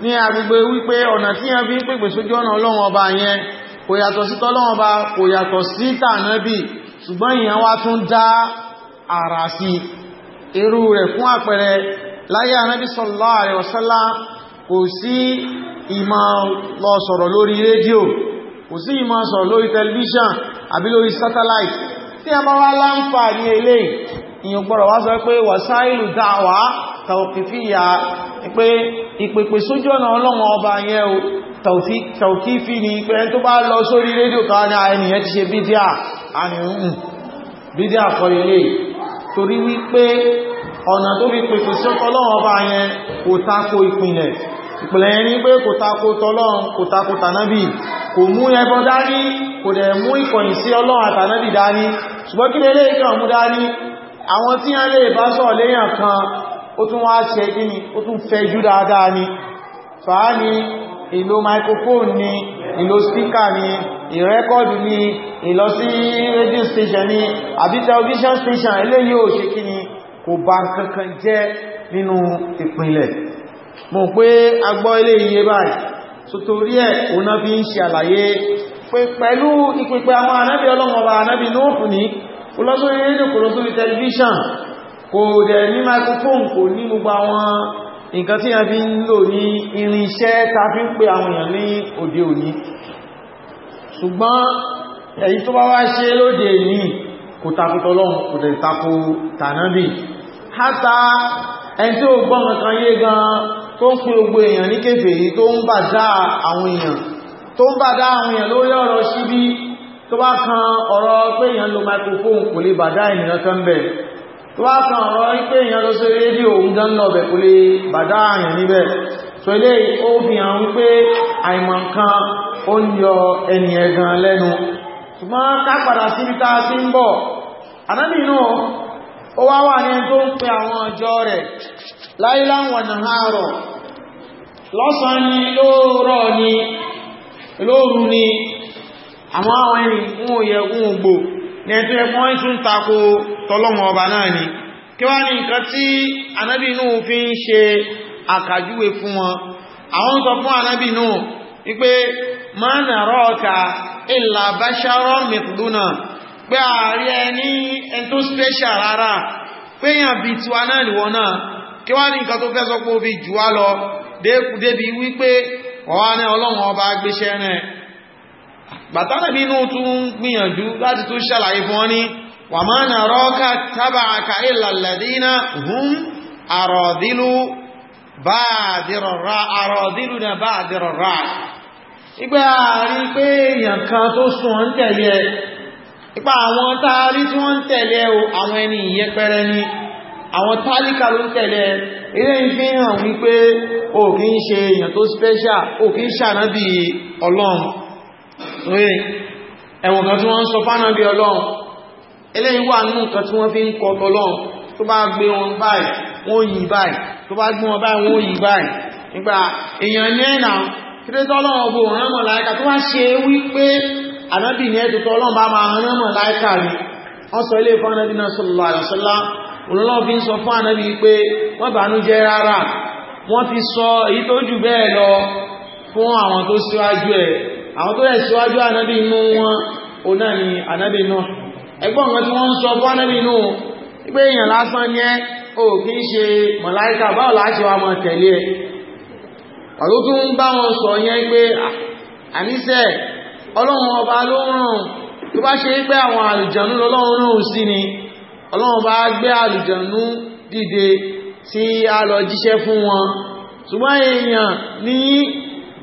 ní agbègbè wípé ọ̀nà tí a fi ń pèpè sójú ọ̀nà ọlọ́run ọba yẹn kò yàtọ̀ sí tọ́lọ́run ọba kò yàtọ̀ sí tànábì ṣùgbọ́n ìyẹn wá tún dá àrà sí irú rẹ̀ fún àpẹẹrẹ láyé anábì sallallahu alaihi wasallam kò sí ìmọ̀ lọ sọ̀rọ̀ lórí rédíò kò sí ìmọ̀ sọ̀rọ̀ lórí tẹlifíṣàn àbí lórí satellite tí a bá wá láǹfà ní eléyìí ìyẹn gbọ́rọ̀ wá sọ pé wàsáìlù dáwàá tàwọ̀kìfíyà pé ìpèpè sójú ọ̀nà ọlọ́wọ̀n ọba yẹn o tàwọ̀kìfí ni pé tó bá lọ sórí rédíò kan ní àẹniyàn ah, ti ṣe bídíà àníhùn bídíà kọyẹlẹ̀ torí wípé ọ̀nà tó fi pèpè sí ọlọ́wọ̀n ọba yẹn kò ni pé kò tako tọlọ́run kò tako tànábì kò mú ẹbọ dání kò dẹ̀ mú ìkọ̀yìn sí ọlọ́run àtànábì dání ṣùgbọ́n kí lè lè àwọn tí a lè bá sọ léyàn kan ó tún wá ṣe gíní ó tún fẹjú dáadáa ni fàá ni ìlò microphone ni ìlò speaker ni ìrẹ́kọ́dù ni ìlọ sí radio station ni àbí television station eléyìí ò ṣe kíní kò bá kankan jẹ́ nínú ìpínlẹ̀ mọ̀ pé agbọ́ ilé iye báyìí so torí ẹ̀ òná bí ń ṣe àlàyé pé pẹ̀lú ìpínpẹ̀ àwọn anábì ọlọ́wọ́ ọba anábì nóòfù ní olóṣòrí rédíò kòrò sórí tẹlifíṣàn kò dẹ̀ ní microphone kò ní gbogbo àwọn nǹkan tí yẹn fi ń lò ní irinṣẹ́ ta fi ń pè àwọn èèyàn ní òde òní ṣùgbọ́n èyí tó bá wá ṣe lóde ní kò takùtọ̀ lọ́hùn kò dẹ̀ takù tànábì hátà ẹni tí ó gbọ́n kan yé gan tó ń pín gbogbo èèyàn ní kèfèrí tó ń bà dá àwọn èèyàn tó ń bà dá àwọn èèyàn lórí ọ̀rọ̀ síbí tó bá kan ọ̀rọ̀ pé èèyàn lo microphone kò lè bà dá ènìyàn kan bẹ̀rẹ̀ wákan ọ̀rọ̀ wípé èèyàn lọ sí rédíò òun gan lọ bẹ̀ kò lè bàdá àyàn níbẹ̀ so ilé ó fi hàn ń pé àìmọ̀ nǹkan ó ń yọ ẹni ẹ̀gàn lẹ́nu ṣùgbọ́n ká padà síbi ń bọ̀ ó wá wà ní tó ń àwọn ọjọ́ ni lóòrọ̀ ni lóòrù ni àwọn ẹni ń òye ń gbò ní ẹ̀tọ́ ẹ̀kọ́ ń tún tako tọ́lọ́wọ̀n ọba náà ni kí wá ní nǹkan tí anábì inú fi ń ṣe àkàjúwe fún wọn àwọn sọ fún anábì inú wípé máa nà rọ́ọ̀ka ìlà bá ṣárọ́ mẹ́kùdúnà pé ààrí ẹni ẹn tó special rárá pé yàn bí tiwa náà lìwọ náà kí wá ní nǹkan tó fẹ́ sọ pé ó fi jù wá lọ débi wípé ọ̀wá ọlọ́run ọba gbéṣẹ́ náà bàtánàbí inú tún gbìyànjú láti tún ṣàlàyé fún wọn ní wà máa nà rọ́ọ̀ká tábàáka ìlàlẹ̀dínà hún àrọ̀dílù na báàdìrọ̀rá ìgbẹ́ àárín pé èèyàn kan tó sùn ń tẹ̀lé ipa àwọn táàrí tí wọ́n ń tẹ̀lé àwọn ẹni ìyẹpẹrẹ ni àwọn tálíkà ló ń tẹ̀lé ilé ìfẹ́ hàn wípé o kìí ṣe èèyàn tó special o kìí ṣànábì ọlọ́run oye ẹ̀wọ̀n kan tí wọ́n ń sọ fánàbí ọlọ́run eléyìí wà nínú nǹkan tí wọ́n fi ń kọ tọlọ́run tó bá gbé wọn báyìí wọ́n yìí báyìí tó bá gbé wọn báyìí wọ́n yìí báyìí nígbà èèyàn ní ẹ̀nà kírétọ́ ọlọ́run ọgbọ̀ ọ̀rán mọ̀ láìka tó wá ṣe wípé ànábì ní ẹ̀tọ́ ọlọ́run bá máa rán mọ̀ láìka rí wọ́n sọ ilé fún ànábì náà sallallahu alaihi wasallam olólọ́wọ́ fi ń sọ fún ànábì pé wọ́n bànújẹ́ rárá wọ́n ti sọ èyí tó jù bẹ́ẹ̀ lọ fún àwọn tó síwájú ẹ̀ àwọn tó rẹ̀ síwájú ànábì inú wọn o náà ni ànábì inú ẹgbọ́n wọn tí wọ́n ń sọ fún ànábì inú pé èèyàn lásán ní ẹ́ o kì í ṣe màláíkà báwo láti wà mọ̀ tẹ̀lé ẹ ọ̀rọ̀ tó ń bá wọn sọ yẹn pé àníṣẹ́ ọlọ́run ọba ló ràn tó bá ṣe pé àwọn àlùjànnú lọ́lọ́run rùn sí ni ọlọ́run bá gbé àlùjànnú dìde tí a lọ jíṣẹ́ fún wọn ṣùgbọ́n èèyàn ní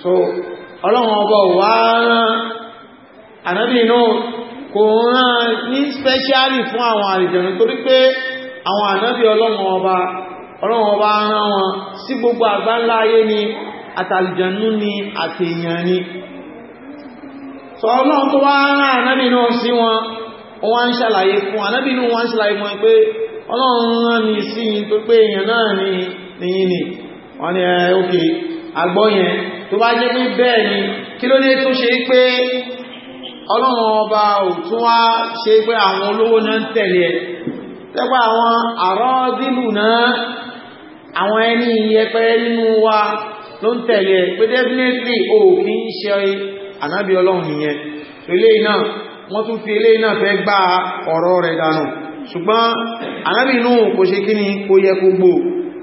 so ọlọ́run ọba wà rán ànábì inú kò rán ní spẹ́ṣíálì fún àwọn àlìjẹ̀nù torí pé àwọn ànábì ọlọ́run ọba ọlọ́run ọba rán wọn sí gbogbo àgbáńlá ayé ni àtàlìjẹ̀nù ni àtèèyàn ni so ọlọ́run tó wá rán ànábì inú sí wọn wọ́n ń ṣàlàyé fún ànábì inú wọ́n ń ṣàlàyé fún ẹ pé ọlọ́run rán mi sí tó pé èèyàn náà ni nìyí ni wọ́n ni tó bá jẹ́ pé bẹ́ẹ̀ ni kí ló dé tó ṣe pé ọlọ́run ọba ò tún wá ṣe pé àwọn olówó náà ń tẹ̀lé ẹ̀ tẹ́pẹ́ àwọn àrọ́dìlù náà àwọn ẹni ìyẹpẹrẹ nínú wa ló ń tẹ̀lé ẹ̀ pé definitely o kì í ṣe ànábì ọlọ́run nìyẹn eléyìí náà wọ́n tún fi eléyìí náà fẹ́ gba ọ̀rọ̀ rẹ̀ dànù ṣùgbọ́n ànábì inú kò ṣe kí kò yẹ gbogbo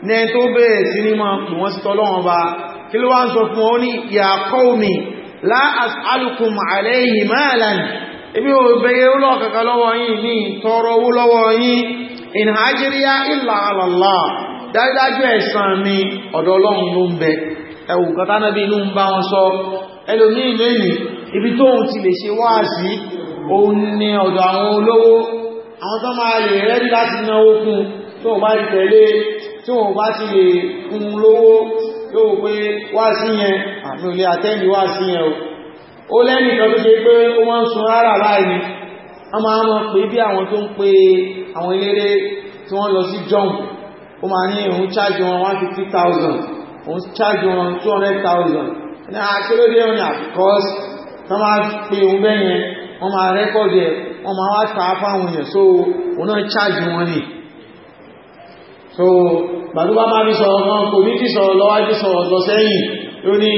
ní ẹ tó bẹ̀rẹ̀ sí ní máa wọ́n sí tọ́lọ́run ọba kí ló wá ń sọ fún ọ ní ya qawmi la as'alukum alayhi malan ibi ò bẹ̀yẹ olóò kàkà lọ́wọ́ yìí ní tọrọ owó lọ́wọ́ yìí in hajiriya illa ala Allah dájúdájú ẹ̀san mi ọ̀dọ̀ ọlọ́run ló ń bẹ ẹ̀wù katánábí inú ń bá wọn sọ ẹlòmí ìlẹ́yìn àwọn tó máa lè rẹ́dí láti náwó fún tó bá ti tẹ̀lé tí wọ́n bá ti lè fún lówó yóò pé wá sí yẹn àmì olè àtẹ́ndì wá sí yẹn o ó lẹ́nì kan tó ṣe pé ó wọ́n ń sun rárá láìní a máa mọ̀ pé bí àwọn tó ń àwọn eléré tí wọ́n lọ sí john ó ma ní òun charge wọn 150,000 òun charge wọn 200,000 ní akérèdé wọn ni because tó máa pe òun bẹ́yẹn wọ́n máa ẹ̀ wọ́n máa wá so òun náà wọn so gbàdúgbà máa ní sọ̀rọ̀ kan kò ní kí sọ̀rọ̀ lọ́wájú sọ̀rọ̀ lọ sẹ́yìn ló ní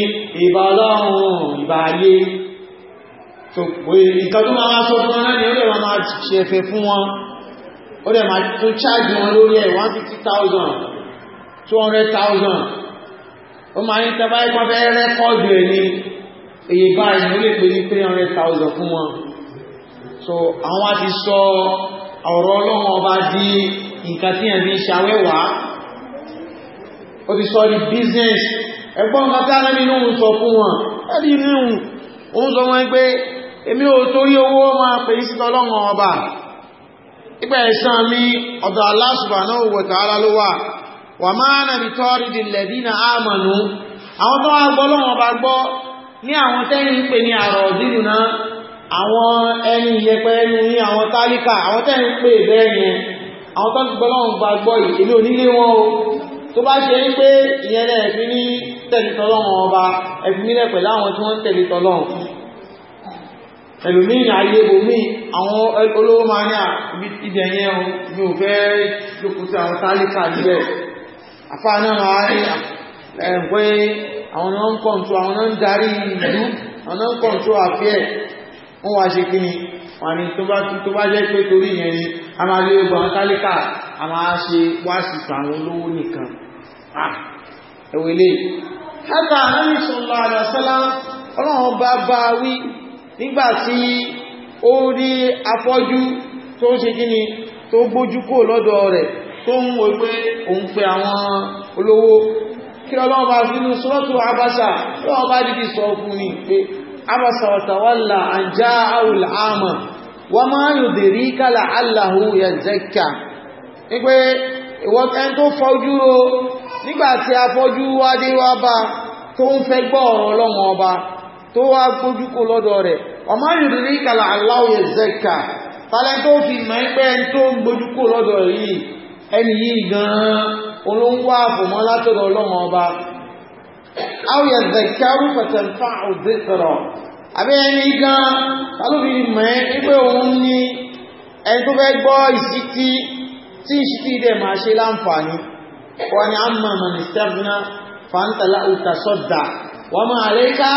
ìbà ọlọ́run ìbà ayé so nǹkan tó máa sọ fún wọn ni ó lè máa ṣe ẹ̀fẹ̀ fún wọn ó lè máa tó chájì wọn lórí ẹ̀ 150,000 200,000 ó máa ń tẹ́bá ẹ̀kọ́ fẹ́ rẹ́kọ́ọ̀dù ẹ̀ ní èyí báyìí ó lè pè ní 300,000 fún wọn so àwọn àti sọ ọ̀rọ̀ ọlọ́run ọba di nǹkan tí ẹ̀bí ṣàwẹ́wà ó ti sọ business ẹgbọ́n kátà lẹ́bí inú sọ fún wọn láti inú òun sọ wọn pé èmi ò torí owó máa pè ní sítọ́ lọ́wọ́ ọba ipẹ́ ẹ̀sán mi ọ̀dọ̀ Allah subhanahu wa ta'ala ló wà wà máa nà bí tọ́rí di lẹ́dínà àmànú àwọn tó wá gbọ́ lọ́wọ́ ọba gbọ́ ní àwọn tẹ́yìn ń pè ní àrọ̀ òdìrù náà àwọn ẹni ìyẹpẹ̀ẹ́nu ní àwọn tálíkà àwọn tẹ́yìn ń pè bẹ́ẹ̀ yẹn àwọn tó gbọ́ lọ́wọ́ gba gbọ́ ìkèlé onílé wọn o tó bá ṣe ń pé ìyẹn náà ẹ̀fí ní tẹ̀lé tọ́lọ́wọ́n ọba ẹ̀fí nílẹ̀ pẹ̀lú àwọn tí wọ́n ń tẹ̀lé tọ́lọ́wọ́n ẹlòmíì ní ayé bomi àwọn olówó máa ní ibẹ̀ yẹn o mi ò fẹ́ lókùtì àwọn tálíkà níbẹ̀ àfáà náà máa ní ẹ̀ pé àwọn náà ń kọ̀ǹtò àwọn náà ń darí ìlú àwọn wọ́n wá ṣe kí ni wọ́n ni tó bá jẹ́ pé torí ìyẹn ni a máa lé gbọ́n tálíkà a máa ṣe wáṣì tàwọn olówó nìkan ẹ̀wẹ̀lẹ́ kátà àmì sọ̀lá àdàsálá ọlọ́run bá bá wí nígbà tí ó rí afọ́jú tó ṣe kí ni tó gbójú kò lọ́dọ̀ rẹ̀ tó ń wo pé òun pe àwọn olówó kí ọlọ́run bá fi inú sọ́tò abáṣà ọlọ́run bá dìbì sọ fún ni pé عبس وتولى أن جاءه العامة وما يدريك لعله يزكى ìpé ìwọ́n tó fọjú o nígbàtí afọjú wádé wá bá tó ń fẹ́ gbọ́ ọ̀rọ̀ ọlọ́run ọba tó wá gbójú kó lọ́dọ̀ rẹ̀ ọmọ ìrírí kàlà aláwọ̀ ẹ̀zẹ́kà tàlẹ́ tó fi mọ̀ pé ẹni tó ń gbójú kó aw yadhakkaru fatanfa'u dhikra àbí ẹni gan tàbí mẹ́ wípé òun ní ẹni tó fẹ́ gbọ́ ìsítí tí ìsítí dẹ̀ máa ṣe láǹfààní wọ́n ni amma man istaghna fàntàlá òtàṣọ́dà wọ́n máa lè ká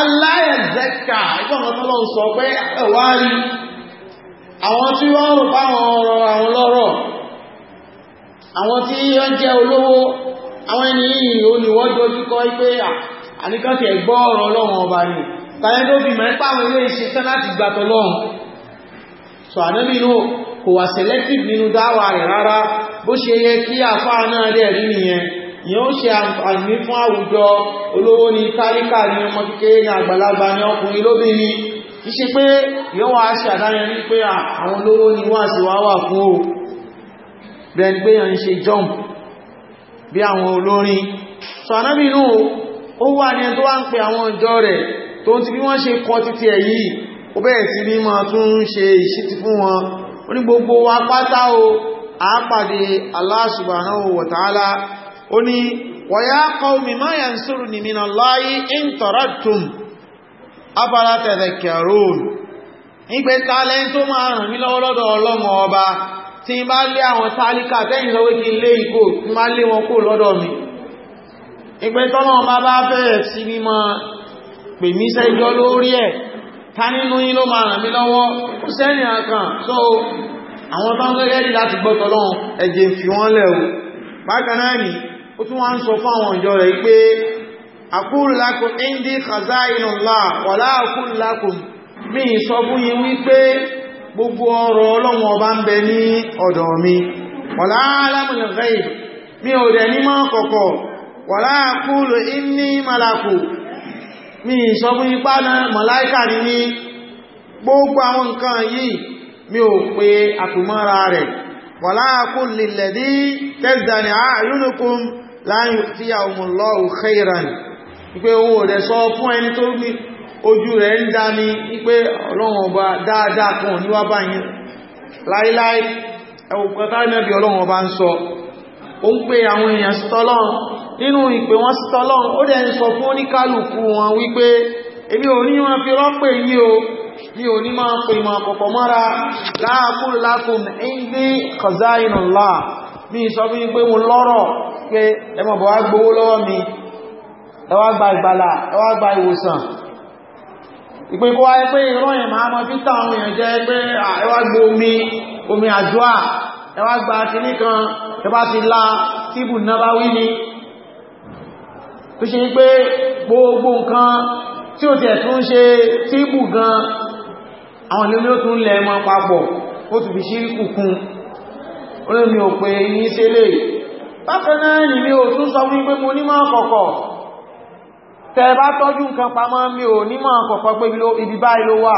aláyẹ̀dẹ́kà ìtọ́mọ̀tọ́lọ́ sọ pé ẹ̀wà rí àwọn tí wọ́n rò fáwọn ọ̀rọ̀ àwọn lọ́rọ̀ àwọn tí wọ́n jẹ́ olówó àwọn ènìyàn ò ní wọ́n dojúkọ pé àníkàtì ẹ̀gbọ́ ọ̀rọ̀ ọlọ́run ọba ni tàyẹn fi mẹ́ta àwọn ilé iṣẹ́ tán láti gbàtọ̀ lọ́run so ànábì náà kò wà selective nínú dáwà rẹ̀ rárá bó ṣe yẹ kí àfáà náà dẹ̀ rí nìyẹn ni ó ṣe àǹfààní fún àwùjọ olówó ni tálíkà ni ọmọ kékeré ni àgbàlagbà ni ọkùnrin lóbìnrin kì í ṣe pé yóò wá ṣe àdáyẹn ní pé àwọn olówó ni wọ́n àṣìwá wà fún o bẹ́ẹ̀ ni ṣe jump bí àwọn olórin so anábì inú ó wà ní ẹni tó wá ń pe àwọn ìjọ rẹ̀ tó ti bí wọ́n ṣe kọ títí ẹ̀ yìí ó bẹ̀rẹ̀ sí ní máa tún ṣe ìṣítí fún wọn ó ní gbogbo wa pátá o àápàdé Allah subhanahu wa tí n bá lé àwọn tálíkà tẹ́yìn lọ́wọ́ kí n lé ìkó n bá lé wọn kó lọ́dọ̀ mi ìpẹ́ tọ́nà ọba bá bẹ̀rẹ̀ sí mímọ̀ pèmí sẹ́jọ́ lórí ẹ̀ ta nínú yín ló máa ràn lọ́wọ́ kò sẹ́ni àkàn so àwọn tó ń gẹ́gẹ́ dì láti gbọ́ tọ́lọ́run ẹ̀jẹ̀ fi wọ́n lẹ̀ o bákan náà ni ó tún wá ń sọ fún àwọn ìjọ rẹ̀ pé aqulu lakum indi khaza'inullah wa la aqulu lakum mi sọ fún yín wípé gbogbo ọ̀rọ̀ ọlọ́run ọba ń bẹ ní ọ̀dọ̀ mi wọ̀lá alámùlẹ̀ ghaib mi ò dẹ̀ ní mọ́ kọ̀kọ̀ wọ̀lá kúlù inni malakù mi sọ fún ipá náà màláíkà ní ní gbogbo àwọn nǹkan yìí mi ò pe àtùmọ́ra rẹ̀ wọ̀lá kúlù ojú rẹ̀ ń dá ní wípé ọlọ́run ọba dáadáa kan níwá báyìí láíláí ẹwùkọ́ táìmẹ́bí ọlọ́run ọba ń sọ ó ń pè àwọn èèyàn sítọ́lọ́n nínú ìpè wọn sítọ́lọ́n ó dẹ̀ ń sọ fún oníkálùkù wọn wípé èmi ò ní wọn fi rọ́pè yí o mi ò ní máa pè mọ̀ àpọ̀pọ̀ mọ́ra láàkúrò lákùn ẹgbẹ́ ẹ ìpé kó wáyé pé ìrọ́yìn máa mọ́ títà àwọn èèyàn jẹ́ pé ẹwà gbé omi omi àjọ́à ẹwà gba kìní kan ẹwà ti lá tíbù náà bá wí ni tó ṣe pé gbogbo nǹkan tí ó tẹ̀ tún ṣe tíbù gan àwọn ilé ó tún lẹ mọ́ papọ̀ ó tún fi ṣírí kùkún olómi ò ní sílé bákan náà ò tún sọ wípé mo ní máa kọ̀kọ̀ tẹ bá tọ́jú nǹkan pamọ́ mi ò nímọ̀ kọ̀kọ́ pé ibi báyìí ló wà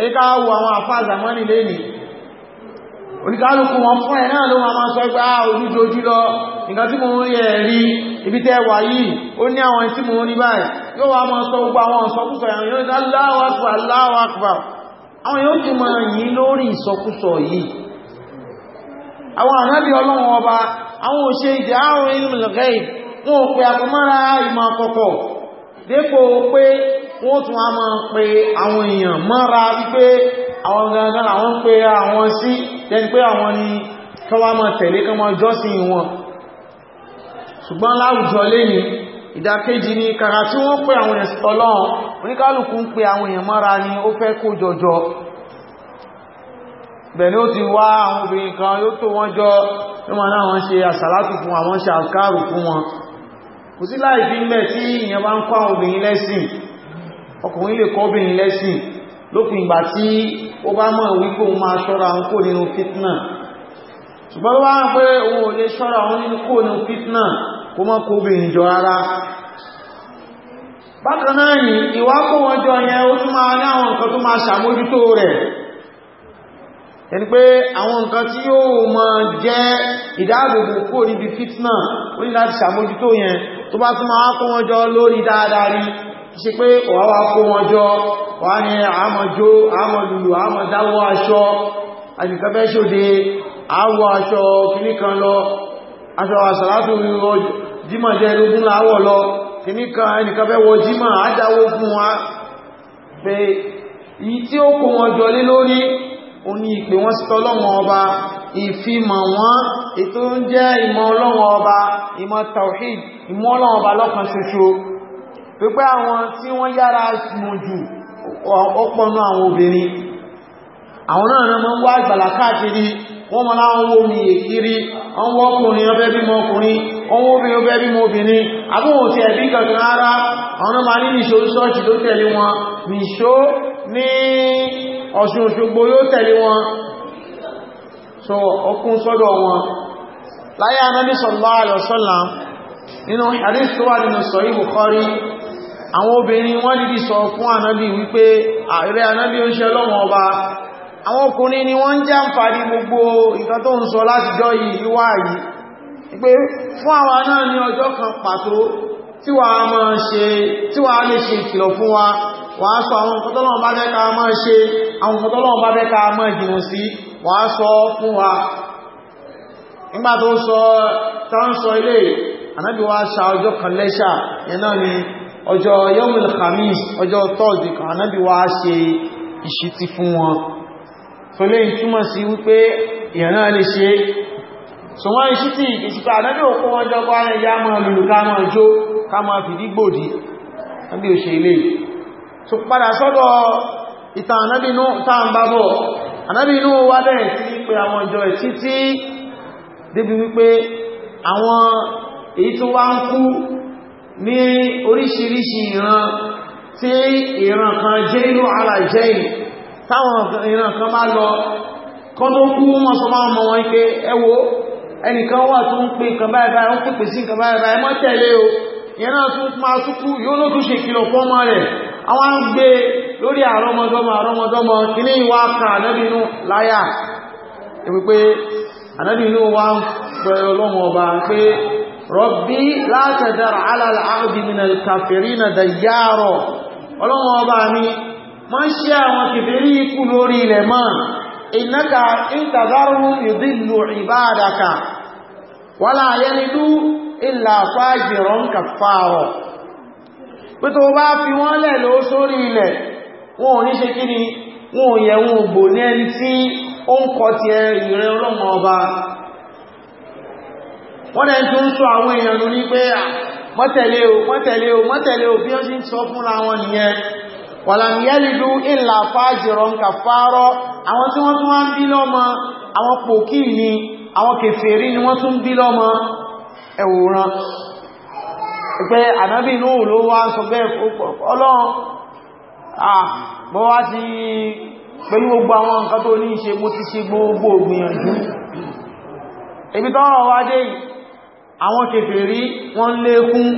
èyí ká wo àwọn àfáàzà mọ́ni lẹ́nìí oníkálùkù wọn fún ẹ̀ náà ló ma máa sọ pé á ah, ojújojú lọ nǹkan tí mo ń rí ẹ̀rí ibi tẹ́ wà yìí ó ní àwọn tí mo ń rí báyìí yóò wá máa sọ gbogbo àwọn ìsọkúsọ àwọn yóò dá Allahu Akbar àwọn yóò ti máa yìí lórí ìsọkúsọ yìí àwọn ànábì ọlọ́run ọba àwọn òṣè ah, àwọn ilmul ghaib dépò pé wọ́n tún a máa pe àwọn èèyàn mọ́ra wípé àwọn gangan àwọn ń pe àwọn sí tẹni pé àwọn ni kọwa mọ̀ tẹ̀lé kan mọ́ jọ́sìn wọn ṣùgbọ́n láwùjọ lẹ́yìn ìdákejì ni kàrà tí wọ́n pe àwọn èèyàn sọ́lọ́run oníkálùkù ń pe àwọn èèyàn mọ́ra ni ó fẹ́ kó jọjọ bẹ̀ni ó ti wá àwọn obìnrin kan yóò tó wọ́n jọ ní wọn náà wọ́n ṣe àsàlátù fún àwọn ṣe àkárù fún wọn kò sí láì fi mẹ́ tí ìyẹn bá ń kọ́ àwọn obìnrin lẹ́sìn ọkùnrin lè kọ́ obìnrin lẹ́sìn lópin ìgbà tí ó bá mọ̀ wípé òun máa ṣọ́ra òun kò nínú fitna ṣùgbọ́n wá pé òun ò lè ṣọ́ra ni ìwà kó wọn jọ rẹ̀ ẹni pé àwọn nǹkan tí yóò máa jẹ́ ìdáàbòbò kó níbi fitna ó ní láti ṣàmójútó yẹn tó bá tún máa kó wọn jọ lórí dáadáa rí ṣe pé wàá wá kó wọn jọ wàá ní àmọ́jó àmọ́lùlù àmọ́dáwọ́ aṣọ àjùkẹ́ fẹ́ ṣòde àwọ̀ aṣọ kìíní kan lọ aṣọ àṣàlátù rírọ jímọ̀ jẹ́ lógún láwọ̀ lọ kìíní kan wa pé èyí tí ó kó wọn jọ lé lórí òní ìpè ìfimọ̀ wọn ètò ń jẹ́ ìmọ̀ ọlọ́wọ́ ọba ìmọ̀ tawhid ìmọ̀ ọlọ́wọ́ ọba lọ́kan ṣoṣo pípẹ́ àwọn tí wọ́n yára mọ̀ jù ọpọ̀nú àwọn obìnrin àwọn náà náà mọ́ wá ìgbàlá káàkiri wọ́n mọ́ láwọn omi èkiri ọwọ́ ọkùnrin ọbẹ́ bí mọ́ ọkùnrin ọwọ́ obìnrin ọbẹ́ bí mọ́ obìnrin àbúhùn ti ẹ̀bí kankan rárá ọ̀nà máa ní nìṣó ṣọ́ọ̀ṣì tó tẹ̀lé wọn nìṣó ní Ọ̀ṣun Òṣogbo yóò tẹ̀lé wọn so okun sọ́dọ̀ wọn láyé anábí sallallahu alaihi wasallam nínú hadith tó wà nínú Bukhari àwọn obìnrin wọ́n dìdí sọ fún anábí wípé ààrẹ anábí ó ń ṣe lọ́wọ́ ọba àwọn ọkùnrin ni wọ́n ń jẹ́ àǹfààní gbogbo ìkan tó ń sọ látijọ́ yìí wá yìí pé fún àwa náà ní ọjọ́ kan pàtó tí wà á máa ṣe tí wà á lè ṣe ìkìlọ̀ fún wa wà á sọ àwọn ọkọ̀tọ́lọ́wọ́ bá bẹ́ka máa ṣe àwọn ọkọ̀tọ́lọ́wọ́ bá bẹ́ka máa jìnà sí wọ́n á sọ fún wa nígbà tó ń sọ tán sọ ilé ànábì wa ṣà ọjọ́ kan lẹ́ṣà yẹn náà ni ọjọ́ yomul khamis ọjọ́ tọ́ọ̀dì kan ànábì wa ṣe ìṣítí fún wọn so lè túmọ̀ sí wípé èèyàn náà lè ṣe so wọ́n ìṣítí ìṣítí ànábì òkú wọn jọ pa ẹ̀yà máa lùlù ká máa jó ká máa fìdí gbòdì ànábì ò ṣe ànábì inú wá bẹ̀rẹ̀ sí wípé àwọn ìjọ ẹ̀ títí débi wípé àwọn èyí tó wá ń kú ní oríṣiríṣi ìran tí ìran kan jẹ́ inú ara jẹ́ táwọn ìran kan máa lọ kọ́ tó kú wọ́n sọ máa mọ̀ wọn pé ẹwọ́ ẹnìkan wà tó ń pè nǹkan báyìí báyìí ó pèpè sí nǹkan báyìí báyìí mọ́ tẹ̀lé o ìran tún máa túkú yóò ló tún ṣe kìlọ̀ fọ́mọ rẹ̀ àwọn gbé lórí àrọmọdọ́mọ àrọmọdọ́mọ kí ní ìwà kan ànábìnú láyà wípé ànábìnú wa ń pẹ ọlọ́mọ ọba pé rọ̀bí látẹ̀dára alàlàáàbìmìnà kàfẹ̀rínà dàyàrọ̀ ọlọ́mọ ọba mi ma ń ṣe àwọn kìfèrí ikú lórí ilẹ̀ mọ́ ìnáka ìtàzárù ìdílù ìbáadaka wọ́lá ayẹ́lidú ìlà fàájìrán kàfàárọ̀ pẹ́tọ̀ bá fi wọ́n lẹ̀ lóó sórí ilẹ̀ wọn ò ní ṣe kí ni wọn ò yẹ wọn ògbò ní ẹni tí ó ń kọ ti ìrìn ọlọ́mọ ọba wọ́n dẹ̀ tó ń sọ àwọn èèyàn ló ní pé mọ́tẹ̀lé o mọ́tẹ̀lé o mọ́tẹ̀lé o bí ó sì ń sọ fún ìlà ń àwọn tí wọ́n tún wá ń bí lọ́mọ àwọn pòkí ni àwọn kèfèrí ni wọ́n tún bí lọ́mọ ẹ̀wòrán wá bọ́ wá ti pẹ̀lú gbogbo àwọn nǹkan tó ní ṣe mo ti ṣe gbogbo ògbìyànjú ibi tọ́rọ wá dé àwọn kèfèrí wọ́n lékún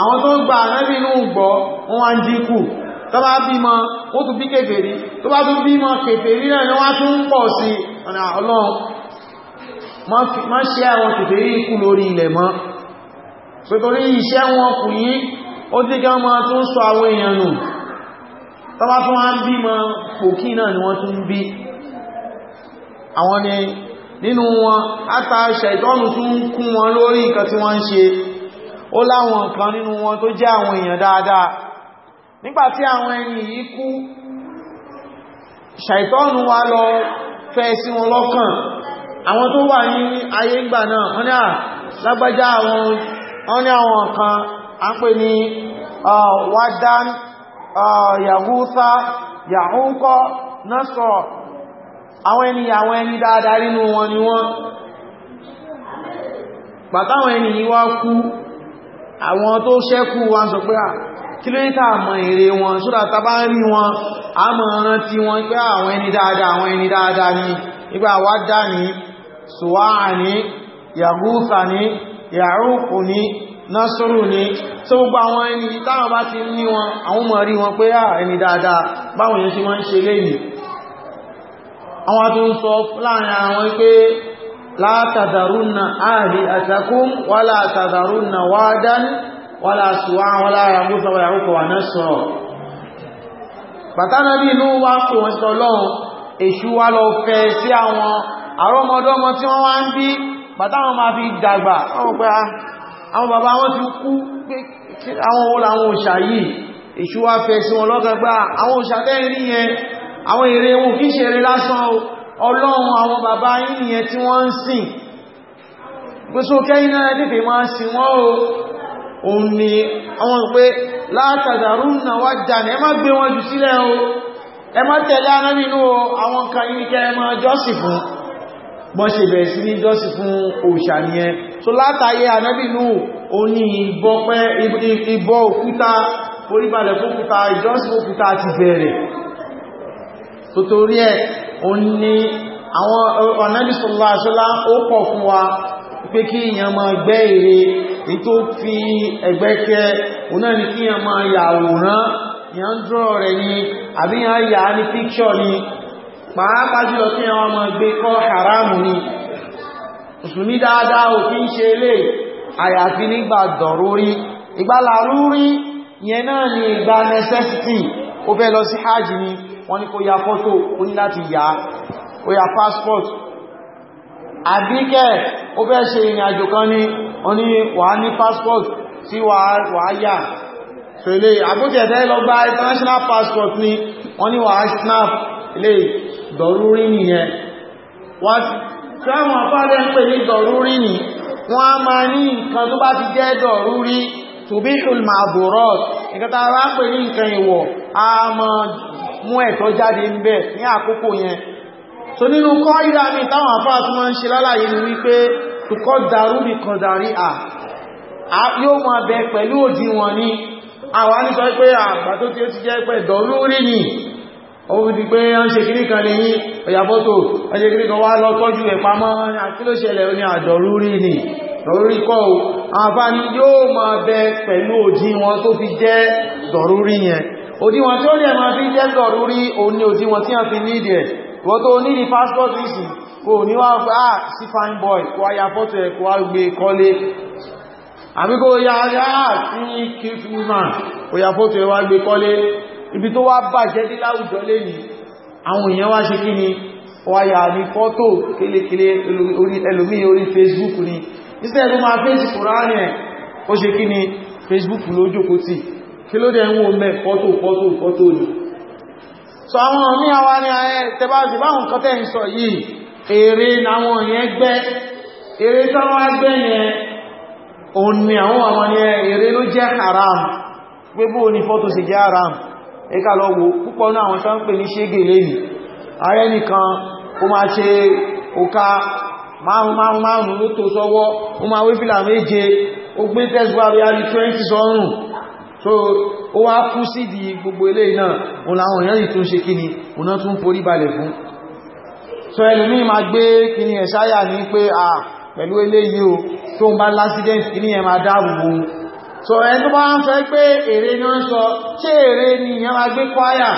àwọn tó ń gba ànábì inú gbọ́ wọ́n wá ń dínkù tó bá bímọ ó tún bí kèfèrí tó bá tún bímọ kèfèrí náà ni wá tún pọ̀ sí ọ̀nà ọlọ́run má ṣe àwọn kèfèrí ikú lórí ilẹ̀ mọ́ tọ́bá tún wá ń bí mọ́ òkí náà ni wọ́n tún ń bí àwọn ni nínú wọn átàṣẹ ìtọ́nù tún kún wọn lórí nǹkan tí wọ́n ń ṣe ó láwọn kan nínú wọn tó jẹ́ àwọn èèyàn dáadáa nígbàtí àwọn ẹni yìí kú ṣàìtọ́nù wa lọ fẹ́ sí wọn lọ́kàn àwọn tó wà ní ayé ìgbà náà wọ́n ní à lágbájá àwọn kan à ń pè ní wádán yàgúsá yàúnkọ́ násọ̀ àwọn ẹni àwọn ẹni dáadáa nínú wọn ni wọ́n pàtàwọn ẹni yìí wá kú àwọn tó ṣẹ́kù wá sọ pé kílóítà àmọ́ èrè wọn ṣúdá tàbá ń rí wọn a mọ̀ rántí wọn pé àwọn ẹni dáadáa àwọn ẹni dáadáa ni nígbà wádá ní sùwáà ní yàgúsá ní yàúnkù ní násọ́rù ní tó gbogbo àwọn ẹni táwọn bá ti ní wọn àwọn mọ̀ rí wọn pé à ẹni dáadáa báwọn yẹn ti wọ́n ń ṣe lẹ́yìn àwọn tó ń sọ láàrin àwọn pé látàdàrúnà ààrí àtàkùn wà látàdàrúnà wádán wà láàṣùwá wọn lára gúúsọ wà yàrúkọ wà náà sọ̀rọ̀ bàtánà bí inú wọn máa fi dàgbà wọ́n pẹ́ àwọn bàbá wọn ti kú àwọn òun àwọn òṣà yìí èṣù wá fẹ́ sí wọn lọ́kàgbà ah, àwọn òṣà tẹ́rin yẹn àwọn ère wọn kìí ṣe ère lásán ọlọ́run àwọn bàbá yìí yẹn tí wọ́n ń sìn gbóṣó kẹ́yìn náà dìbè máa sìn wọ́n o òun ni àwọn pé látàdàrún náà wá jàní ẹ má gbé wọn jù sílẹ̀ o ẹ má tẹ̀lé anábìnú o àwọn kan yìí kẹ́ ẹ máa jọ́sìn fún bọ́n ṣe bẹ̀rẹ̀ sí ní jọ́sìn fún òṣà yẹn so látàyé ànábìnú oní ìbọpẹ́ ìbọ òkúta oríbalẹ̀ fókúta ìjọsìn òkúta ti bẹ̀rẹ̀ so torí ẹ̀ o ní àwọn ọ̀nàbí sọ́lá ó pọ̀ fún wa pé kí èyàn máa gbẹ́ ère ní tó fi ẹ̀gbẹ́ kẹ ni àbí èyàn yà ní píkṣọ̀ ni pàápàá jùlọ kí èyàn máa gbé kọ́ haramu ni mùsùlùmí dáadáa ò fi ń ṣe ilé àyàfi nígbà dọ̀rúrí ìgbà làrúrí yẹn náà ni ìgbà necessity ó fẹ́ lọ sí hajj ni wọ́n ní kó ya fọ́tò ó ní láti yá ó ya passport àbíkẹ́ ó fẹ́ ṣe ìrìn àjò kan ní oní wà ní passport tí wà yà so ilé àbúkẹ̀ẹ́dẹ́ lọ gba international passport ni wọ́n ní wà snap ilé dọ̀rúrí nìyẹn tí àwọn afárẹ́ ń pè ní dọ̀rúrí ni wọ́n a máa ní nǹkan tó bá ti jẹ́ dọ̀rúrí tòbí ìṣòlùmàbòrọ̀ nǹkan tá a bá pè ní nǹkan ìwọ̀ a máa mú ẹ̀tọ́ jáde ń bẹ̀ ní àkókò yẹn so nínú kọ́ ìdá táwọn afárẹ́ tó ń ṣe òun di pé a ń ṣe kìrí kan lèyìn ọ̀yàfọ́tò a ń ṣe kìrí kan wá lọ tọ́jú ẹ̀ pamọ́ kí ló ṣẹlẹ̀ ní àdọ̀rúrí ni lórí kọ́ o ni yóò máa bẹ pẹ̀lú òdíwọn tó fi jẹ́ dọ̀rúrí yẹn òdíwọn tí ó lè máa fi jẹ́ dọ̀rúrí òun ni òdíwọn tí a fi nídìí ẹ̀ wọ́n tó nídìí passport rìsì kò ní wá fà ah, sí fine boy kò wá ya fọ́tò ẹ̀ kò wá gbé e kọ́lé àbíkò ya yáà ah, sí kí fúnmà kò ya fọ́tò ẹ̀ wá gbé e kọ́lé ibi tó wá bàjẹ́ ní láwùjọ lẹ́ni àwọn èèyàn wá ṣe kí ni wáyà ní fọ́tò kélékélé ẹlòmí orí Facebook ni nísẹ́ ẹ̀rọ máa fèsì kòránì ẹ̀ ó ṣe kí ni Facebook lójókó tí kí ló dẹ̀ ń wo mẹ́ fọ́tò fọ́tò fọ́tò ni so àwọn ọmọ àwa ni ẹ tẹbáàzì báwọn kan tẹ́ ń sọ yìí èrè àwọn yẹn gbẹ́ ni àwọn àwọn ni èrè ló jẹ́ haram gbébò ní fọ́tò sì ẹka lọ wo púpọ̀ náà àwọn sọ́n pè ní ṣégè lẹ́nì ààrẹ nìkan ó máa ṣe òka márùn márùn márùn ló tó sọ́wọ́ ó máa wé fìlà méje ó gbé tẹ́sùwárí 20 sọ́rùn so ó wá kú sí di gbogbo ilé náà òun làwọn èèyàn ìtún ṣe kíni òun tún forí balẹ̀ fún so ẹlùmí máa gbé kíni ẹ̀ṣáyà ní pé à pẹ̀lú eléyìí o tó ń bá lásídẹ̀ntì kíní ẹ máa dáàbò so ẹni tó bá ń fẹ́ pé èrè ni ó ń sọ tí èrè ni ìyẹn máa gbé kwáyà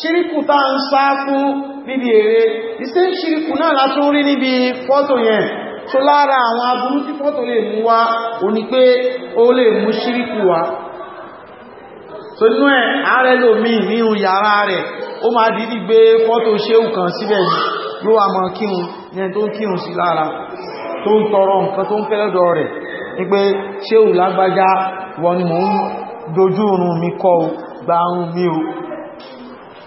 ṣíríkù tá ń sá fún níbi èrè ìsẹ́ ṣíríkù náà látún rí níbi fọ́tò yẹn so lára àwọn aburú tí fọ́tò lè mú wá o ní pé ó lè mú ṣíríkù wá so inú ẹ̀ ààrẹ lòmí nínú yàrá rẹ̀ ó máa dìdí gbé fọ́tò ṣéhù kan síbẹ̀ ló wà mọ́ kírun yẹn tó ń kírun sí lára tó ń tọrọ nǹkan tó ń fẹ́ rẹ̀ wípé ṣé ò lágbájá wọn ni mò ń dojú oorun mi kọ gba oorun mi o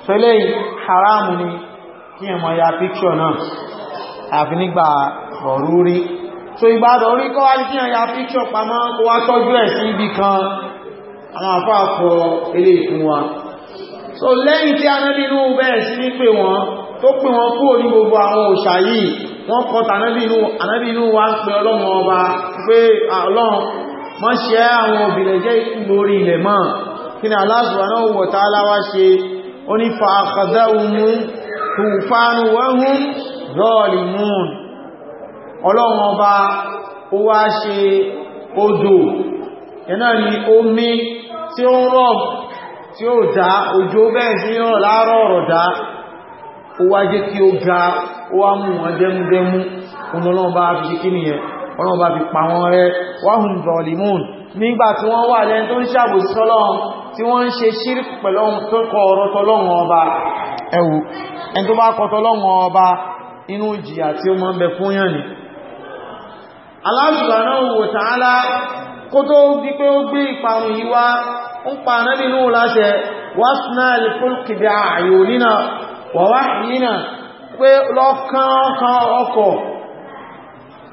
fẹ́lẹ̀ haramu ni kí ẹmọ ya picture náà àfi nígbà rọ̀rúrí so ìgbàdọ̀ orí kọ́ wá ní kí ẹ̀yà picture pamọ́ kó wá tọ́jú ẹ̀ sí ibi kan àwọn àfáàfọ́ ilé ìfún wa so lẹ́yìn tí a nábi inú bẹ́ẹ̀ sí ní pé wọ́n tó pè wọ́n kúrò ní gbogbo àwọn òṣà yìí wọ́n kọta nábi inú wa ń pe ọlọ́run ọba pé ah, Ọlọ́run mọ́ ṣe àwọn obìnrin jẹ́ lórí ilẹ̀ mọ́ kí ni Allah subhanahu wa ta'ala wá ṣe ó ní fa akhadhahum tufanu wa hum zalimun Ọlọ́run ọba ó wá ṣe odò ẹ̀nà ni omi tí ó ń rọ̀ tí ó dá òjò bẹ́ẹ̀ sí rọ̀ láàárọ̀ ọ̀rọ̀ dá ó wá jẹ́ kí ó ga ó wá mú wọn dẹ́múdẹ́mú ọmọlọ́wọ́ bá fi kí nìyẹn ọlọ́run bá fi pa wọn rẹ wáhùn zọlìmún nígbà tí wọ́n wà lẹ́n tó ń ṣàbòsí sọ́lọ́run tí wọ́n ń ṣe ṣírìkù pẹ̀lọ́run tó kọ ọ̀rọ̀ tọ́lọ́run ọba ẹ̀wù ẹni tó bá kọ tọ́lọ́run ọba inú ìjìyà wa ta'ala kó wasna al-fulki bi a'yunina wa wahyina pé lọ́kàn ọkọ̀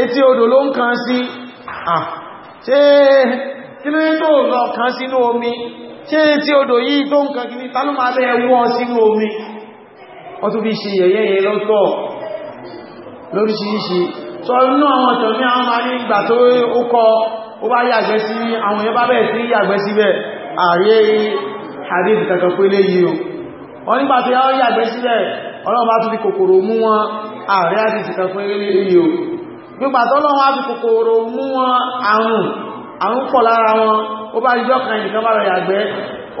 etí odò ló ń kan sí ah ṣe kí ló tó lọ kan sínú omi ṣe etí odò yìí tó ń kan kìí tálọ́ máa bẹ́ẹ̀ wọ́n sínú omi wọ́n tó fi ṣe yẹ̀yẹ́ lọ́tọ̀ lóríṣìíṣìí sọ inú àwọn ọ̀tọ̀ ní àwọn máa ní ìgbà tó ó kọ ó bá yàgbẹ́ sí àwọn èèyàn bá bẹ̀ẹ̀ sí yàgbẹ́ síbẹ̀ ààrẹ hadith kankan pé léyìí o wọ́n nígbà tó yàgbẹ́ síbẹ̀ ọlọ́run bá tún fi kòkòrò mú wọn ààrẹ hadith kankan pé léyìí o pípa tọ́lọ́wọ́ á fi kòkòrò mú wọn àrùn àrùn pọ̀ lára wọn ó bá ríjọ́ kan ìdìkan bá rẹ̀ àgbẹ́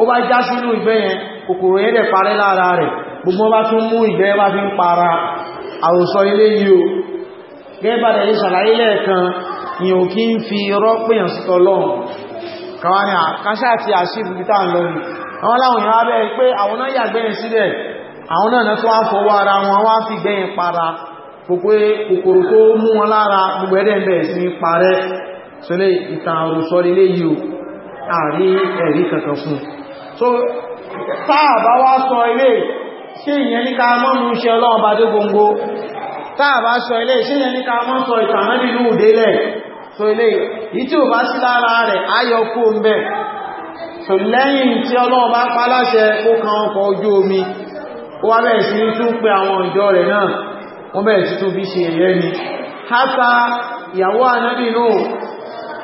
ó bá já sínú ìgbẹ́ yẹn kòkòrò yẹn dẹ̀ parẹ́ lára rẹ̀ gbogbo bá tún mú ìgbẹ́ bá fi ń para àròsọ ilé yìí o gẹ́gbà rẹ̀ ní ṣàlàyé lẹ́ẹ̀kan ni ò kí ń fi rọ́pìyàn sítọ̀ lọ́n kàwà ní àkáṣà àti àṣíbù títà ń lọ́rì àwọn láwọn ìhà bẹ́ẹ̀ pé àwọn náà yàgbẹ́yìn sílẹ̀ àwọn náà tó wá fọwọ́ ara para gbogbo e kòkòrò tó mú wọn lára gbogbo ẹ̀dẹ̀ bẹ̀rẹ̀ sí ní parẹ́ sọlé ìtàn àrùsọ lílé yìí àrí ẹ̀rí kankan fún so táà bá wá sọ ilé sí ìyẹn ní ká mọ́ mú iṣẹ́ ọlọ́run bá dé gbogbo táà bá sọ ilé sí ìyẹn ní ká mọ́ sọ ìtàn náà nínú ìdélẹ̀ so ilé yìí tí ò bá sí lára rẹ̀ ayọ̀ kú ń bẹ̀ so lẹ́yìn tí ọlọ́run bá pa láṣẹ ó kan ọkọ̀ ojú omi ó wá bẹ̀rẹ̀ sí tún pé àwọn ìjọ rẹ̀ náà wọ́n bẹ̀rẹ̀ títún bí ṣe ẹ̀yẹ́ ni hátà ìyàwó ànábì náà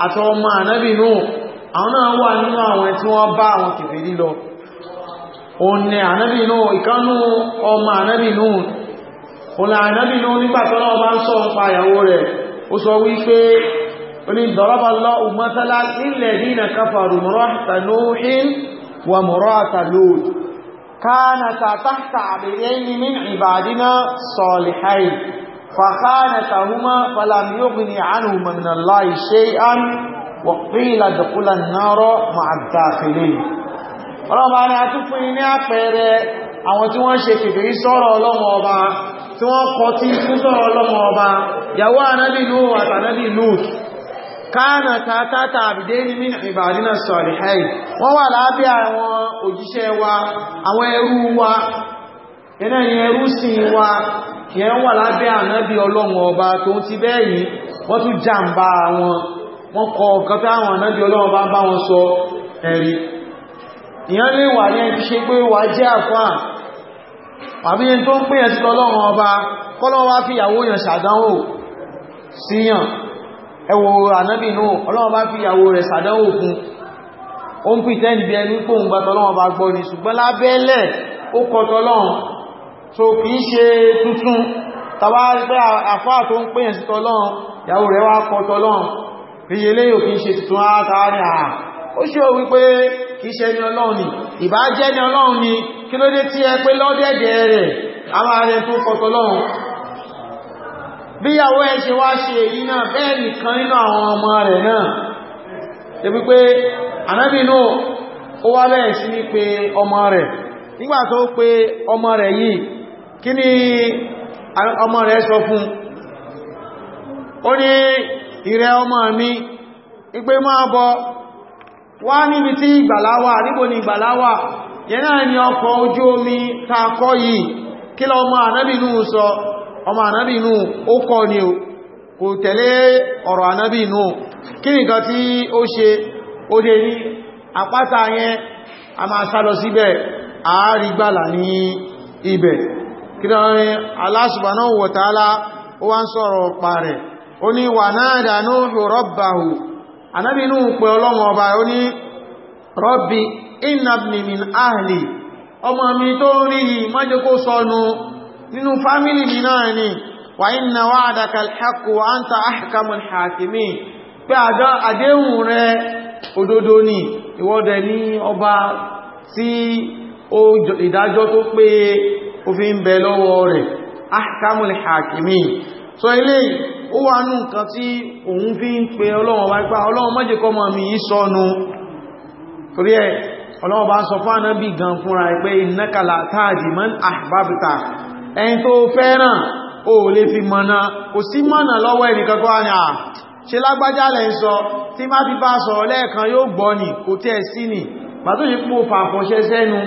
àtọ ọmọ ànábì náà àwọn náà wà nínú àwọn tí wọ́n bá àwọn kèfèrí lọ òní ànábì náà ìkánú ọmọ ànábì náà òní ànábì náà nígbàtọ́lá ọba ń sọ ọpa ìyàwó rẹ̀ ó sọ كانتا تحت عبدين من عبادنا صالحين فخانتهما فلم يغني عنهما من الله شيئا وقيل ادخل النار مع الداخلين ọlọ́run bá ní a tún fún ní àpẹẹrẹ àwọn tí wọ́n ṣe kìfìrí sọ́rọ̀ ọlọ́run ọba tí wọ́n kọ tí fún sọ́rọ̀ ọlọ́run ọba yàwó ànábì Nuh àtànábì Lut káàna tàtàtà àbìdẹ́ni min ìbàdínà salihayn wọ́n wà lábẹ́ àwọn òjíṣẹ́ wa àwọn ẹrú wa ẹ̀nà ẹrú sí wa kí ẹ wà lábẹ́ ànábí ọlọ́run ọba tó ti bẹ́yìn wọ́n tún jàmbá wọn wọ́n kọ ọ̀kan táwọn ànábí ọlọ́run bá bá wọn sọ ẹ̀rí ìyàn lè wà ní ẹni ẹwọ ànábì náà ọlọ́wọ́ bá fi ìyàwó rẹ̀ sàdánwò fún o ń pì tẹ́ndì bí ẹni pòun gbá tọ́lọ́wọ́ bá gbọ́ ni ṣùgbọ́n lábẹ́lẹ̀ ó kọ tọ́lọ́wọ́ so kìí ṣe tuntun tàbárí pé àfáà tó ń pè yẹn sí tọ́lọ́wọ́ ìyàwó rẹ̀ wá kọ tọ́lọ́wọ́ ríyelé yóò kìí ṣe tuntun ni ọlọ́run ni ni ọlọ́run ni kí ló dé tí ẹ pé lọ́dẹ̀dẹ̀ rẹ̀ bíyàwó ẹ ṣe wá ṣe èyí náà bẹ́ẹ̀ nìkan inú àwọn ọmọ rẹ̀ náà tẹ wípé anábìnú ó wá bẹ́ẹ̀ sí ní pé ọmọ rẹ̀ nígbà tó pé ọmọ rẹ̀ yìí kí ni ọmọ rẹ̀ sọ fún ó ní ìrẹ́ ọmọ mi ipé máa bọ̀ wá níbi tí ìgbàláwà níbo ni ìgbàláwà yẹn náà ni ọkọ̀ ojú omi takọ́ yìí kí lọ ọmọ anábìnú sọ ọmọ ànábì inú ó kọ́ ni o kò tẹ̀lé ọ̀rọ̀ ànábì inú kí nìkan tí ó ṣe ó dé ní àpáta yẹn a máa sá lọ síbẹ̀ àárígbàlà ní ibẹ̀ kí Allah subhanahu wa ta'ala ó wá ń sọ̀rọ̀ pa rẹ̀ ó ní wà náà dánú rabbi inna ibni min ahli ọmọ mi tó rí yìí májẹ́kó nínú fámílì mi náà ni wà inna wa'daka al-haqq wa anta ahkamul hakimin pé àdéhùn rẹ òdodo ni ìwọ́dẹ̀ ní ọba tí ìdájọ́ tó pé òfin bẹ lọ́wọ́ rẹ̀ ahkamul hakimin so ilé ó wà nù nǹkan tí òun fi ń pe ọlọ́wọ̀n wá ipá ọlọ́wọ̀n torí ẹni tó fẹ́ràn ó lè fi mọ̀nà kò sí mọ̀nà lọ́wọ́ ẹnìkankan àyà ṣe lágbájá lẹ́ ń sọ tí má fi bá sọ̀rọ̀ lẹ́ẹ̀kan yóò gbọ́ ni kò tẹ́ sí ni bà tó yí pò fàfọ́ṣẹ́ sẹ́nu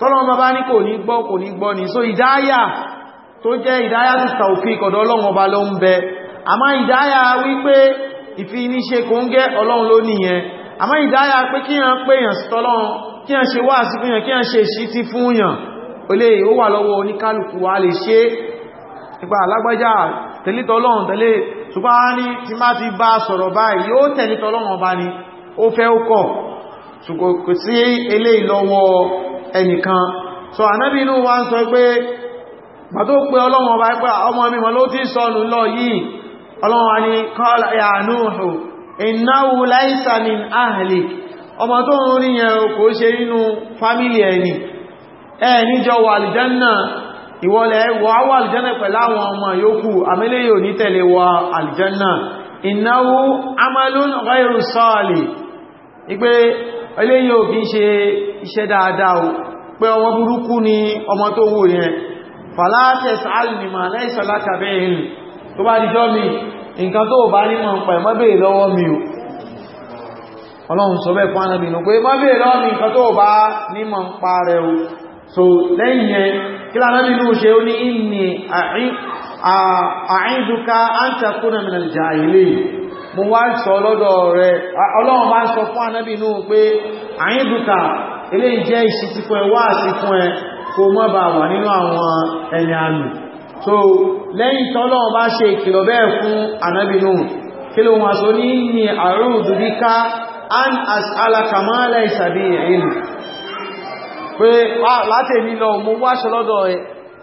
tọ́lọ́mọ bá ní kò ní gbọ́ kò ní gbọ́ ni so ìdáyà tó jẹ́ ìdáyà tó tàòfin kọ̀dọ̀ ọlọ́run ọba ló ń bẹ àmá ìdáyà wípé ìfi ní ṣe kò ń gẹ́ ọlọ́run ló nìyẹn àmá ìdáyà pé kíyàn pé yàn sí tọ́lọ́run ṣe wáàsí fún fún yàn olè ó wà lọ́wọ́ oníkálùkù wa lè ṣe ipa alágbájá tẹ̀lítọ́lọ́run tẹ̀lé ṣùgbọ́n a ní tí má ti bá sọ̀rọ̀ báyìí ni ó fẹ́ ó kọ̀ ṣùgbọ́n kò sí eléyìí lọ́wọ́ so ànábì inú wa ń sọ pé bà tó pé ọlọ́run ọba pé ọmọ mi mọ̀ ló ti sọnù wa ni qala ya Nuhu innahu laysa min ọmọ tó ń rí yẹn kò ṣe nínú fámílì ẹni ẹ̀ẹ́níjọ wà alìjánà ìwọlẹ̀ wà wà alìjánà pẹ̀lú àwọn ọmọ yòókù àmìlẹ̀ yóò ní tẹ̀lé wà alìjánà ìnáwó amalun ghayru salih ipé eléyìí ò kìí ṣe iṣẹ́ dáadáa pé ọmọ burúkú ni ọmọ tó wù rẹ̀ fala tas'al ọlọ́run sọ bẹ́ fún ànàbìnú pé mọ́bẹ̀ lọ́wọ́ mi nǹkan tó bá ń pa rẹ̀ o so lẹ́yìn yẹn kí lára nínú ṣe ó ní inni àìdùká antakuna min al-jahilin mo wá sọ lọ́dọ̀ rẹ̀ ọlọ́run bá ń sọ fún anábì inú pé àìdùká ilé jẹ́ ìṣì ti sí fún ẹ kó mọ́ bá wà nínú àwọn ẹni àmì so lẹ́yìn tọ́lọ́run bá ṣe ìkìlọ̀ bẹ́ẹ̀ fún anábì inú kí ló wọ́n sọ ní inni a'udhu bika an as'alaka pé ah, látèmi lọ mo wáṣọ lọ́dọ̀ rẹ̀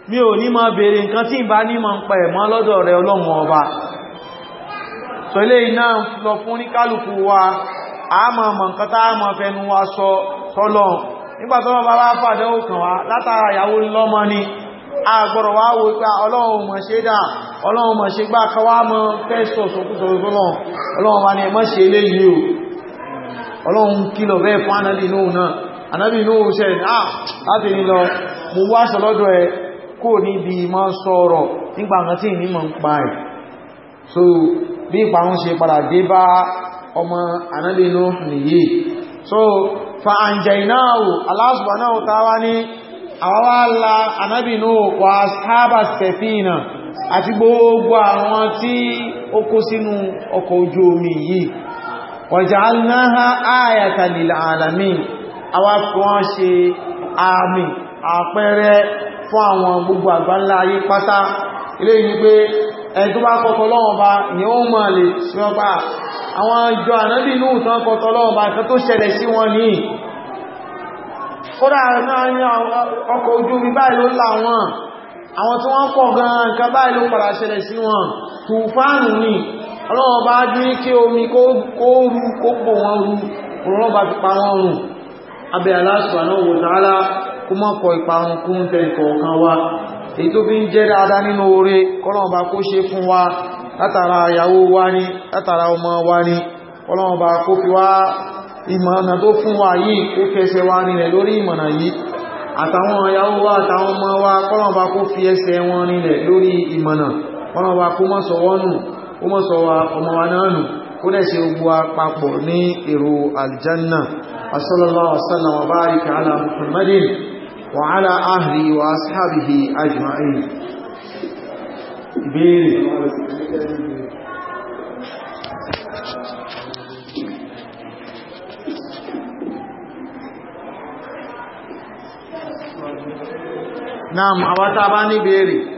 mi ò ní máa bèèrè nǹkan tí ìbá ní máa ń pa ẹ̀mọ́ lọ́dọ̀ rẹ̀ ọlọ́run ọba so ilé iná lọ fún ní kálùkù wa a máa mọ̀ nǹkan tá a máa fẹnu wa sọ sọ́lọ̀ a gbọ́dọ̀ wá wo pé ah, ọlọ́run mọ̀ ṣe dà ọlọ́run mọ̀ ṣe gbá kọwàá mọ́ fẹ́ sọ̀sọ̀kúsọ̀ ọlọ́run wa ni ẹ̀mọ́ ṣe bẹ́ẹ̀ fún ánàlì náà anábì inú ṣe ah láti ní lọ mo wá sọ lọ́dọ̀ ẹ kò níbi mọ́ sọ̀rọ̀ nígbà kan tí ní mọ́ ń pa ẹ̀ so bí ìparun ṣe padà dé bá ọmọ anábì inú nìyí so fa anjaynahu Allah subhanahu wa ta'ala ní àwọ́wà la anábì inú wa sábà sẹ̀fínà àti gbogbo àwọn tí ó kó sínú ọkọ̀ ojú omi yìí wa ja'alnaha ayatan lil alamin àwọn kan ṣe àmì àpẹẹrẹ fún àwọn gbogbo àgbáńlá ayé pátá ilé yìí pé ẹni tó bá kọtọ lọ́wọ́n bá ni ó mọ̀ lè síwọ́pá àwọn ìjọ ànábì inú ìtàn kọtọ lọ́wọ́n bá kan tó ṣẹlẹ̀ sí wọn ní kódà ọkọ̀ ojú omi báyìí ló là wọ́n ni ọlọ́wọ́n bá dín kí omi kó rú kó pò wọn abẹ́ Allah subhanahu wa ta'ala kó mọ́ kọ ìparun kún tẹ́ǹkọ̀ọ̀kan wa èyí tó fi ń jẹ́ dáadáa nínú oore kọ́lọ̀ọ̀bá kó ṣe fún wa látara ìyàwó wa ni látara ọmọ wa ni kọ́lọ̀ọ̀bá kó fi wá ìmọ̀nà tó fún wa yìí kó fẹsẹ̀ wa nílẹ̀ lórí ìmọ̀nà yìí àtàwọn ìyàwó wa àtàwọn ọmọ wa kọ́lọ̀ọ̀bá kó fi ẹsẹ̀ wọn nílẹ̀ lórí ìmọ̀nà kọ́lọ̀ọ̀bá kó mọ́ sọ wọ́nù kó mọ́ sọ wa ọmọ wa náà nù kúrẹ́ sí ogbó apapọ̀ ní èrò aljanna asọ́lọ́lọ́ ọ̀sánà wa barika ala Naam, àwátá bá ní béèrè.